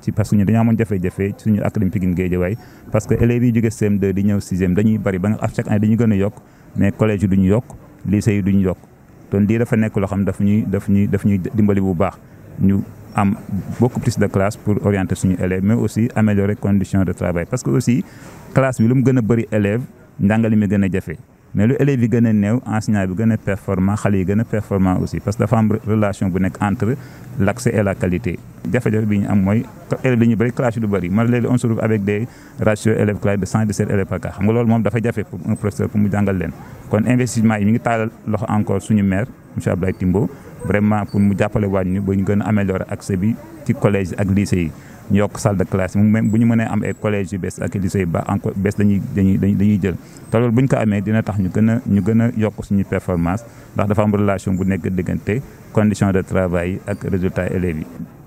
ci parce que ñu dañoo amoon jafe-jafe suñu académie Pikine Guédiawaye parce que élèves yi jóge CM2 di ñëw sixième dañuy bari ba nga chaque année dañuy gën a yokk mais collège duñu yokk lycée yi duñu yokk kon lii dafa nekk loo xam daf ñuy daf ñuy daf ñuy dimbali bu baax ñu am beaucoup plus de classe pour orienter suñu élèves mais aussi améliorer conditions de travail parce que aussi classe bi lu mu gën a bëri élèves njàngale mi gën a jafe mais le élève gëna néw a enseignant bi gëna performant xale yi gën performant aussi parce que dafa am relation bu nek entre l'accès et la qualité jafe-jafe bi ñu am moy élève dañu bari classe du bari man léegi on se trouve avec des ratio élève classe de 117 élèves par cas xam nga lool mom dafa jafé pour un professeur pour mu jangal leen kon investissement yi mi ngi talal loxo encore suñu maire monsieur Abdoulaye Timbo vraiment pour mu jàppale waat ñu ba ñu gën a améliorer accès bi ci collège ak lycée yi ñu yokk salle de classe même bu ñu mënee am ay collège yu bees ak lycée yu baax encore bees dañuy dañuy dañuy jël te loolu bu ñu ko amee dina tax ñu gën a ñu gën a yokk suñu performance ndax dafa am relation bu nekk diggante condition de travail yi ak résultat élèves yi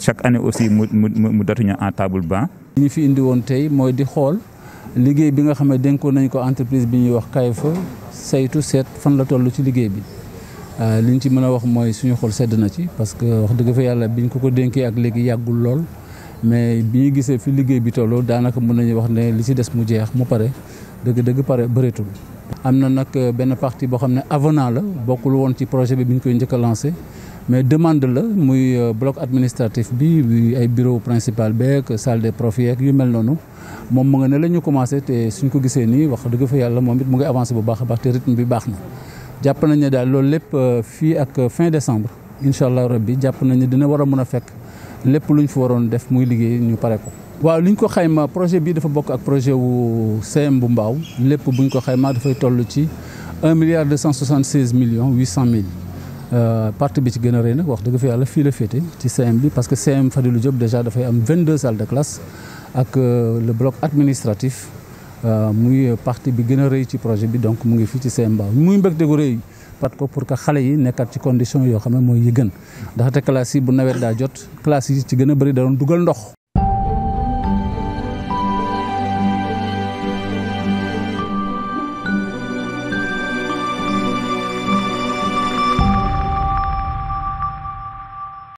chaque année aussi mu mu mu datuñu en table banc. li ñu fi indi woon tey mooy di xool liggéey bi nga xam ne dénkoon nañ ko entreprise bi ñuy wax Kayfa saytu seet fan la toll ci liggéey bi euh, li ñu ci mën a wax mooy suñu xool sedd na ci parce que wax dëgg fa yàlla bi biñ ko ko dénkee ak léegi yàggul lool. mais bi ñu gisee fi liggéey bi tolloo daanaka mën nañu wax ne li ci des mu jeex mu pare dëgg-dëgg pare bëreetul. amna nak euh, ben parti bo boo xam la bokul won ci projet bi bi ñu koy lancé mais demande la muy euh, bloc administratif bi bi ay bureau principal beeg salle des profs yeeg yu mel noonu mom mo nga ne la ñu commencé te suñ ko gisee ni wax dëgg fa yalla moom it mu ngi avancer bu baax a baax te rythme bi baax na japp nañ ne daal lool lepp euh, fi ak fin décembre inshallah allah rabbi jàpp nañ ne dina wara mëna fekk lepp luñ fi def muy liggéey ñu paré ko waaw li ñu ko xayma projet bii dafa bokk ak projet wu CM bu Mbaaw lépp bu ñu ko xayma dafay toll ci un milliard deux cent soixante seize millions huit cent mille euh, partie bi ci gën a rëy nag wax dëgg fi yàlla fii la féete ci CM bi parce que CM lu Diop déjà dafay am vingt deux salles de classe ak euh, le bloc administratif euh, muy parti bi gën a rëy ci projet bi donc mu ngi fii ci CM Mbaaw muy mbégte gu rëy pat ko pour que xale yi nekkat ci condition yoo xam ne mooy yi gën ndaxte classe yi bu nawet daa jot classe yi ci gën a bëri da dugal ndox.